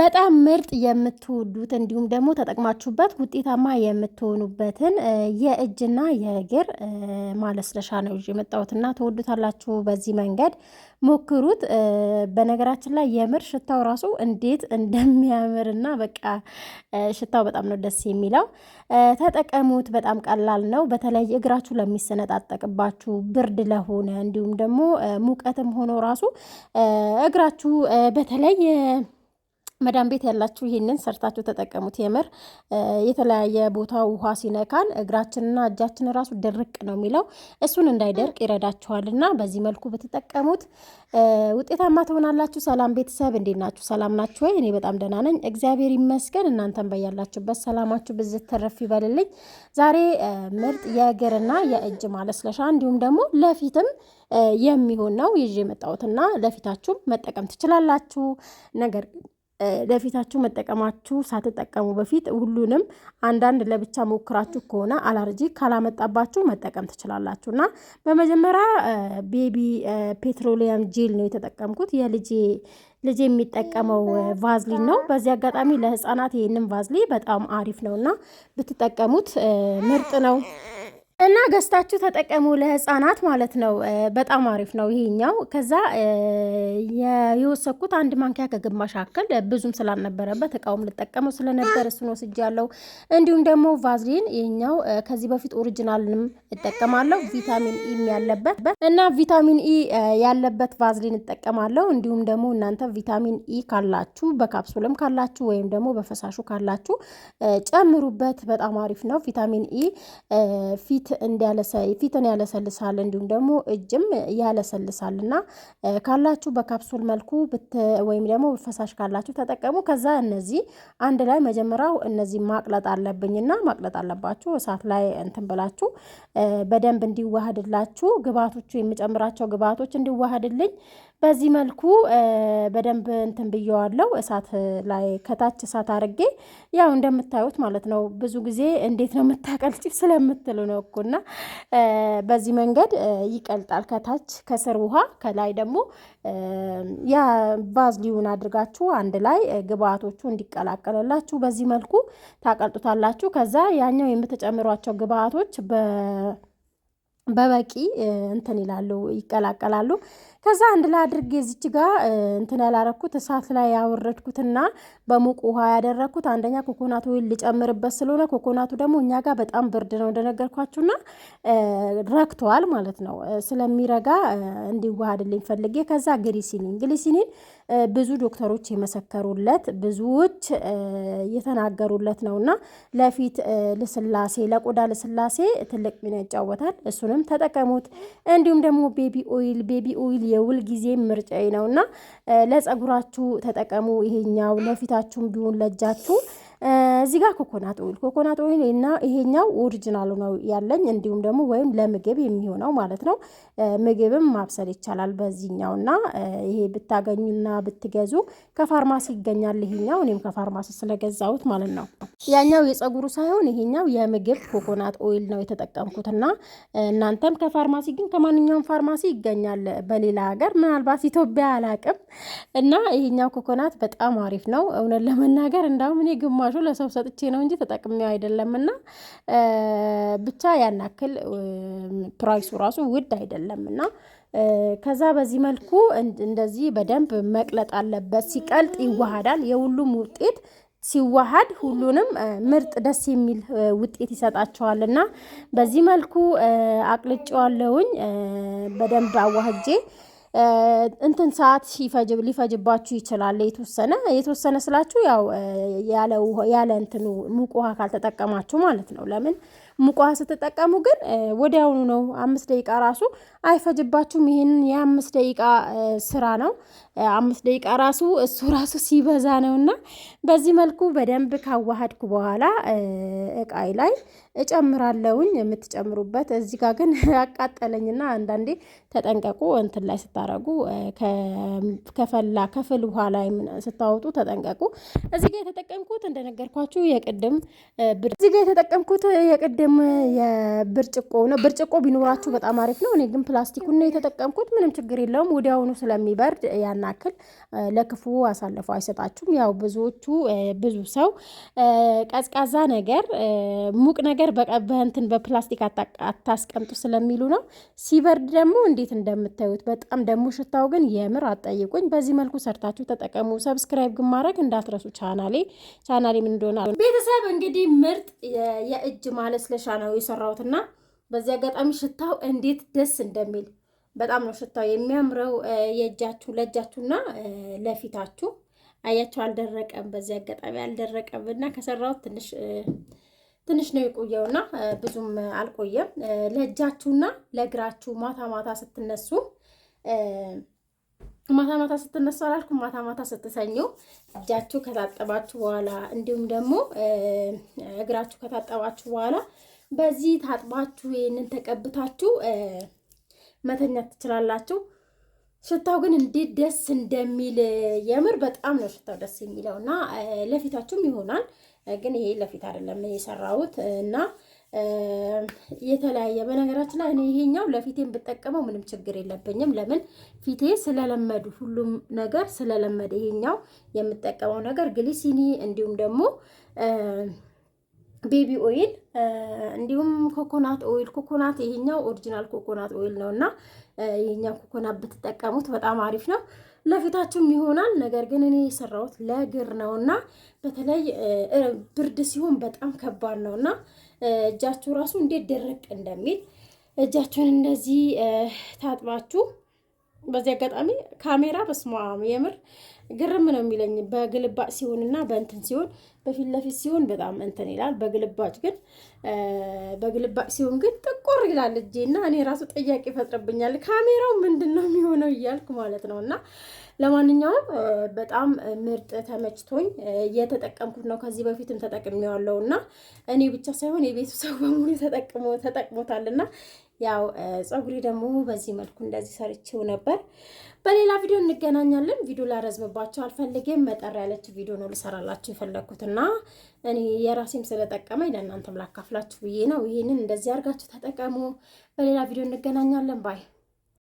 በጣም ምርጥ የምትወዱት እንዲሁም ደግሞ ተጠቅማችሁበት ውጤታማ የምትሆኑበትን የእጅና የእግር ማለስለሻ ነው ይዤ እና ትወዱታላችሁ። በዚህ መንገድ ሞክሩት። በነገራችን ላይ የምር ሽታው ራሱ እንዴት እንደሚያምርና በቃ ሽታው በጣም ነው ደስ የሚለው። ተጠቀሙት። በጣም ቀላል ነው። በተለይ እግራችሁ ለሚሰነጣጠቅባችሁ፣ ብርድ ለሆነ እንዲሁም ደግሞ ሙቀትም ሆኖ ራሱ እግራችሁ በተለይ መዳም ቤት ያላችሁ ይህንን ሰርታችሁ ተጠቀሙት። የምር የተለያየ ቦታ ውሃ ሲነካን እግራችንና እጃችን ራሱ ድርቅ ነው የሚለው እሱን እንዳይደርቅ ይረዳችኋል እና በዚህ መልኩ ብትጠቀሙት ውጤታማ ትሆናላችሁ። ሰላም ቤተሰብ እንዴት ናችሁ? ሰላም ናችሁ ወይ? እኔ በጣም ደህና ነኝ እግዚአብሔር ይመስገን። እናንተን በያላችሁበት ሰላማችሁ ብዝት ተረፍ ይበልልኝ። ዛሬ ምርጥ የእግርና የእጅ ማለስለሻ እንዲሁም ደግሞ ለፊትም የሚሆን ነው ይዤ የመጣሁትና ለፊታችሁም መጠቀም ትችላላችሁ ነገር ለፊታችሁ መጠቀማችሁ ሳትጠቀሙ በፊት ሁሉንም አንዳንድ ለብቻ ሞክራችሁ ከሆነ አላርጂ ካላመጣባችሁ መጠቀም ትችላላችሁ። እና በመጀመሪያ ቤቢ ፔትሮሊየም ጄል ነው የተጠቀምኩት። የልጄ ልጅ የሚጠቀመው ቫዝሊን ነው። በዚህ አጋጣሚ ለህፃናት ይህንን ቫዝሊ በጣም አሪፍ ነው እና ብትጠቀሙት ምርጥ ነው። እና ገዝታችሁ ተጠቀሙ ለህፃናት ማለት ነው። በጣም አሪፍ ነው ይሄኛው። ከዛ የወሰኩት አንድ ማንኪያ ከግማሽ አክል ብዙም ስላልነበረበት እቃውም ልጠቀመው ስለነበር እሱን ወስጃለሁ። እንዲሁም ደግሞ ቫዝሊን ይሄኛው ከዚህ በፊት ኦሪጂናልንም እጠቀማለሁ ቪታሚን ኢም ያለበት እና ቪታሚን ኢ ያለበት ቫዝሊን እጠቀማለሁ። እንዲሁም ደግሞ እናንተ ቪታሚን ኢ ካላችሁ በካፕሱልም ካላችሁ ወይም ደግሞ በፈሳሹ ካላችሁ ጨምሩበት። በጣም አሪፍ ነው ቪታሚን ኢ ፊት ፊትን ያለሰልሳል እንዲሁም ደግሞ እጅም ያለሰልሳል እና ካላችሁ በካፕሱል መልኩ ወይም ደግሞ ፈሳሽ ካላችሁ ተጠቀሙ። ከዛ እነዚህ አንድ ላይ መጀመሪያው እነዚህ ማቅለጥ አለብኝና ማቅለጥ አለባችሁ። እሳት ላይ እንትን ብላችሁ በደንብ እንዲዋሃድላችሁ ግብአቶቹ የምጨምራቸው ግብአቶች እንዲዋሃድልኝ በዚህ መልኩ በደንብ እንትን ብየዋለው። እሳት ላይ ከታች እሳት አርጌ ያው እንደምታዩት ማለት ነው። ብዙ ጊዜ እንዴት ነው የምታቀልጭ ስለምትሉ ነው እኮና በዚህ መንገድ ይቀልጣል። ከታች ከስር ውሃ፣ ከላይ ደግሞ ያ ቫዝሊውን አድርጋችሁ አንድ ላይ ግብአቶቹ እንዲቀላቀልላችሁ በዚህ መልኩ ታቀልጡታላችሁ። ከዛ ያኛው የምትጨምሯቸው ግብአቶች በ በበቂ እንትን ይላሉ ይቀላቀላሉ። ከዛ አንድ ላይ አድርጌ እዚች ጋር እንትን ያላረኩት እሳት ላይ ያወረድኩትና በሙቅ ውሃ ያደረግኩት አንደኛ ኮኮናቱ ልጨምርበት ስለሆነ ኮኮናቱ ደግሞ እኛ ጋር በጣም ብርድ ነው እንደነገርኳችሁና ረክተዋል ማለት ነው። ስለሚረጋ እንዲዋሃድልኝ ፈልጌ ከዛ ግሪሲኒን ግሪሲኒን ብዙ ዶክተሮች የመሰከሩለት ብዙዎች የተናገሩለት እና ለፊት ልስላሴ፣ ለቆዳ ልስላሴ ትልቅ ሚና ይጫወታል። እሱንም ተጠቀሙት። እንዲሁም ደግሞ ቤቢ ኦይል፣ ቤቢ ኦይል የውል ጊዜ ምርጫዬ እና ለጸጉራችሁ ተጠቀሙ። ይሄኛው ለፊታችሁም ቢሆን ለእጃችሁ እዚህ ጋር ኮኮናት ኦይል ኮኮናት ኦይል እና ይሄኛው ኦሪጂናሉ ነው ያለኝ። እንዲሁም ደግሞ ወይም ለምግብ የሚሆነው ማለት ነው። ምግብም ማብሰል ይቻላል በዚህኛው እና ይሄ ብታገኙና ብትገዙ ከፋርማሲ ይገኛል። ይሄኛው እኔም ከፋርማሲ ስለገዛሁት ማለት ነው። ያኛው የጸጉሩ ሳይሆን ይሄኛው የምግብ ኮኮናት ኦይል ነው የተጠቀምኩት እና እናንተም ከፋርማሲ ግን ከማንኛውም ፋርማሲ ይገኛል። በሌላ ሀገር ምናልባት ኢትዮጵያ አላቅም እና ይሄኛው ኮኮናት በጣም አሪፍ ነው እውነት ለመናገር እንዳውም እኔ ግማሹ ለሰው ሰጥቼ ነው እንጂ ተጠቅሜው አይደለም። እና ብቻ ያን ያክል ፕራይሱ ራሱ ውድ አይደለም እና ከዛ በዚህ መልኩ እንደዚህ በደንብ መቅለጥ አለበት። ሲቀልጥ ይዋሃዳል። የሁሉም ውጤት ሲዋሃድ ሁሉንም ምርጥ ደስ የሚል ውጤት ይሰጣቸዋል። እና በዚህ መልኩ አቅልጫዋለውኝ በደንብ አዋህጄ እንትን ሰዓት ሊፈጅባችሁ ይችላል። የተወሰነ የተወሰነ ስላችሁ ያው ያለ እንትኑ ሙቅ ውሃ ካልተጠቀማችሁ ማለት ነው ለምን ሙቋ ስትጠቀሙ ግን ወዲያውኑ ነው። አምስት ደቂቃ ራሱ አይፈጅባችሁም። ይህን የአምስት ደቂቃ ስራ ነው። አምስት ደቂቃ ራሱ እሱ ራሱ ሲበዛ ነው እና በዚህ መልኩ በደንብ ካዋሃድኩ በኋላ እቃይ ላይ እጨምራለሁኝ። የምትጨምሩበት እዚህ ጋር ግን አቃጠለኝና አንዳንዴ ተጠንቀቁ። እንትን ላይ ስታረጉ ከፈላ ከፍል ውሃ ላይ ስታወጡ ተጠንቀቁ። እዚህ ጋር የተጠቀምኩት እንደነገርኳችሁ የቅድም እዚህ ጋር የተጠቀምኩት የቅድም ደግሞ የብርጭቆ ነው። ብርጭቆ ቢኖራችሁ በጣም አሪፍ ነው። እኔ ግን ፕላስቲኩን ነው የተጠቀምኩት። ምንም ችግር የለውም። ወዲያውኑ ስለሚበርድ ያናክል ለክፉ አሳልፎ አይሰጣችሁም። ያው ብዙዎቹ ብዙ ሰው ቀዝቃዛ ነገር ሙቅ ነገር በእንትን በፕላስቲክ አታስቀምጡ ስለሚሉ ነው። ሲበርድ ደግሞ እንዴት እንደምታዩት በጣም ደግሞ ሽታው ግን የምር አጠይቁኝ። በዚህ መልኩ ሰርታችሁ ተጠቀሙ። ሰብስክራይብ ግን ማድረግ እንዳትረሱ። ቻናሌ ቻናሌ ምን እንደሆነ ቤተሰብ እንግዲህ ምርጥ የእጅ ማለት ፍተሻ ነው የሰራሁት እና በዚህ አጋጣሚ ሽታው እንዴት ደስ እንደሚል በጣም ነው ሽታው የሚያምረው። የእጃችሁ ለእጃችሁና ለፊታችሁ አያችሁ፣ አልደረቀም። በዚህ አጋጣሚ አልደረቀም እና ከሰራሁት ትንሽ ትንሽ ነው የቆየውና ብዙም አልቆየም። ለእጃችሁና ለእግራችሁ ማታ ማታ ስትነሱ ማታ ማታ ስትነሱ አላልኩም? ማታ ማታ ስትሰኙ እጃችሁ ከታጠባችሁ በኋላ እንዲሁም ደግሞ እግራችሁ ከታጠባችሁ በኋላ በዚህ ታጥባችሁ ይህንን ተቀብታችሁ መተኛት ትችላላችሁ። ሽታው ግን እንዴት ደስ እንደሚል የምር በጣም ነው ሽታው ደስ የሚለው እና ለፊታችሁም ይሆናል። ግን ይሄ ለፊት አይደለም የሰራሁት እና የተለያየ በነገራችን ላይ እኔ ይሄኛው ለፊቴን ብጠቀመው ምንም ችግር የለብኝም። ለምን ፊቴ ስለለመዱ ሁሉም ነገር ስለለመደ ይሄኛው የምጠቀመው ነገር ግሊሲኒ፣ እንዲሁም ደግሞ ቤቢ ኦይል፣ እንዲሁም ኮኮናት ኦይል። ኮኮናት ይሄኛው ኦሪጂናል ኮኮናት ኦይል ነው እና ይሄኛው ኮኮናት ብትጠቀሙት በጣም አሪፍ ነው። ለፊታችሁም ይሆናል። ነገር ግን እኔ የሰራሁት ለእግር ነው እና በተለይ ብርድ ሲሆን በጣም ከባድ ነው እና እጃችሁ ራሱ እንዴት ደረቅ እንደሚል እጃችሁን እንደዚህ ታጥባችሁ በዚህ አጋጣሚ ካሜራ በስማ የምር ግርም ነው የሚለኝ በግልባጭ ሲሆን እና በእንትን ሲሆን በፊት ለፊት ሲሆን በጣም እንትን ይላል። በግልባጭ ግን በግልባጭ ሲሆን ግን ጥቁር ይላል እጄ እና እኔ ራሱ ጥያቄ ይፈጥርብኛል። ካሜራው ምንድን ነው የሚሆነው እያልኩ ማለት ነው እና ለማንኛውም በጣም ምርጥ ተመችቶኝ እየተጠቀምኩት ነው። ከዚህ በፊትም ተጠቅሜዋለሁ እና እኔ ብቻ ሳይሆን የቤቱ ሰው በሙሉ ተጠቅሞታል እና ያው ፀጉሬ ደግሞ በዚህ መልኩ እንደዚህ ሰርቼው ነበር። በሌላ ቪዲዮ እንገናኛለን። ቪዲዮ ላረዝምባቸው አልፈልግም። መጠር ያለችው ቪዲዮ ነው ልሰራላችሁ እና እኔ የራሴም ስለጠቀመኝ ለእናንተም ላካፍላችሁ ብዬ ነው። ይህንን እንደዚህ አድርጋችሁ ተጠቀሙ። በሌላ ቪዲዮ እንገናኛለን ባይ